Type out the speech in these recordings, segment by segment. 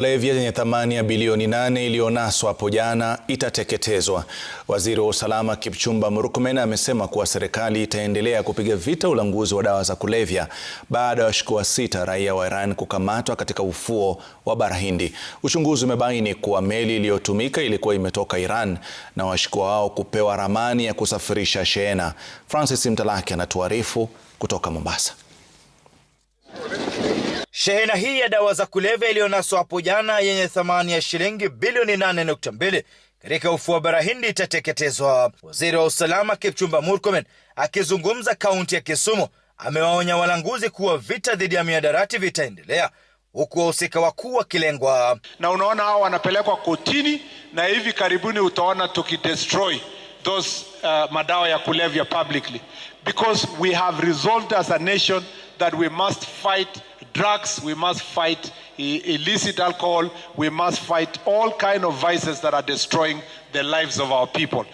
Kulevya yenye thamani ya bilioni nane iliyonaswa hapo jana itateketezwa. Waziri wa usalama Kipchumba Murkomen amesema kuwa serikali itaendelea kupiga vita ulanguzi wa dawa za kulevya baada ya washukiwa sita raia wa Iran kukamatwa katika ufuo wa Bahari Hindi. Uchunguzi umebaini kuwa meli iliyotumika ilikuwa imetoka Iran na washukiwa wao kupewa ramani ya kusafirisha shehena. Francis Mtalaki anatuarifu kutoka Mombasa. Shehena hii ya dawa za kulevya iliyonaswa hapo jana yenye thamani ya shilingi bilioni 8.2 katika ufuo wa Bara Hindi itateketezwa. Waziri wa usalama Kipchumba Murkomen akizungumza kaunti ya Kisumu amewaonya walanguzi kuwa vita dhidi ya miadarati vitaendelea huku wahusika wakuu wakilengwa. Na unaona hao wanapelekwa kotini, na hivi karibuni utaona tukidestroy those uh, madawa ya kulevya publicly because we have resolved as a nation that we must fight drugs, we must fight illicit alcohol, we must fight all kind of vices that are destroying the lives of our people.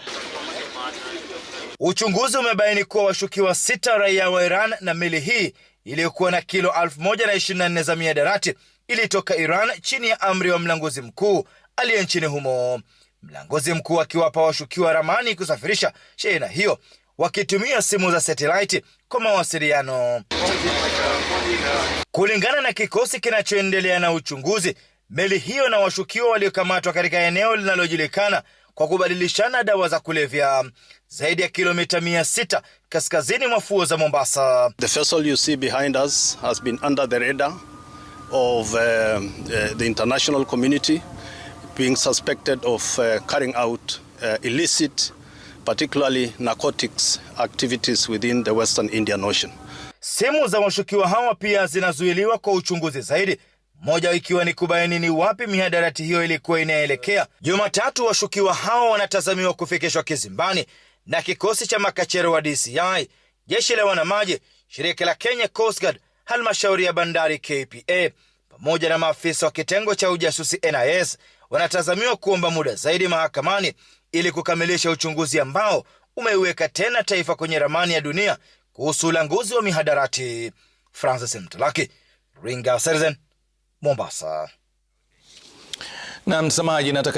Uchunguzi umebaini kuwa washukiwa sita raia wa Iran na meli hii iliyokuwa na kilo 124 za miadarati ilitoka Iran chini ya amri wa mlanguzi mkuu aliye nchini humo. Mlanguzi mkuu akiwapa washukiwa ramani kusafirisha shehena hiyo wakitumia simu za satelaiti kwa mawasiliano. Kulingana na kikosi kinachoendelea na uchunguzi, meli hiyo na washukiwa waliokamatwa katika eneo linalojulikana kwa kubadilishana dawa za kulevya zaidi ya kilomita sita kaskazini mwa fuo za Mombasa. The vessel you see behind us has been under the radar of uh, uh the international community being suspected of uh, carrying out uh, illicit uh, particularly narcotics activities within the Western Indian Ocean. Simu za washukiwa hawa pia zinazuiliwa kwa uchunguzi zaidi, moja ikiwa ni kubaini ni wapi mihadarati hiyo ilikuwa inaelekea. Jumatatu, washukiwa hawa wanatazamiwa kufikishwa kizimbani na kikosi cha makachero wa DCI, jeshi la wanamaji, shirika la Kenya Coast Guard, halmashauri ya bandari KPA pamoja na maafisa wa kitengo cha ujasusi NIS wanatazamiwa kuomba muda zaidi mahakamani ili kukamilisha uchunguzi ambao umeiweka tena taifa kwenye ramani ya dunia kuhusu ulanguzi wa mihadarati. Francis Mtalaki, Ringa Citizen, Mombasa. Na msamaji nataka